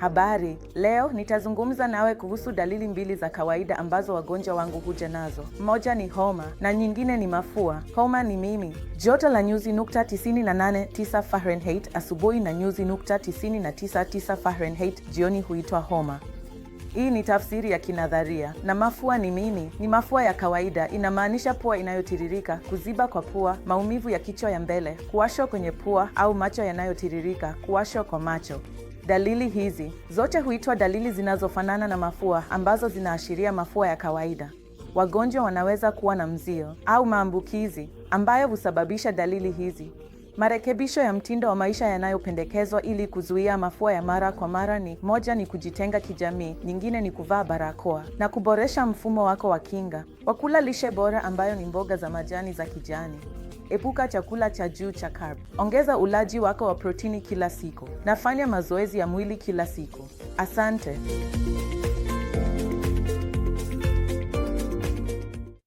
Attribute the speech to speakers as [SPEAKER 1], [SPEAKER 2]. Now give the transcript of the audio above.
[SPEAKER 1] Habari. Leo nitazungumza nawe kuhusu dalili mbili za kawaida ambazo wagonjwa wangu huja nazo. Moja ni homa na nyingine ni mafua. Homa ni mimi joto la nyuzi nukta tisini na nane tisa Fahrenheit asubuhi na nyuzi nukta tisini na tisa tisa Fahrenheit jioni huitwa homa. Hii ni tafsiri ya kinadharia. Na mafua ni mimi Ni mafua ya kawaida, inamaanisha pua inayotiririka, kuziba kwa pua, maumivu ya kichwa ya mbele, kuwashwa kwenye pua au macho yanayotiririka, kuwashwa kwa macho. Dalili hizi zote huitwa dalili zinazofanana na mafua ambazo zinaashiria mafua ya kawaida. Wagonjwa wanaweza kuwa na mzio au maambukizi ambayo husababisha dalili hizi. Marekebisho ya mtindo wa maisha yanayopendekezwa ili kuzuia mafua ya mara kwa mara ni moja ni kujitenga kijamii, nyingine ni kuvaa barakoa na kuboresha mfumo wako wa kinga kwa kula lishe bora ambayo ni mboga za majani za kijani. Epuka chakula cha juu cha carb. Ongeza ulaji wako wa protini kila siku. Nafanya mazoezi ya mwili kila siku. Asante.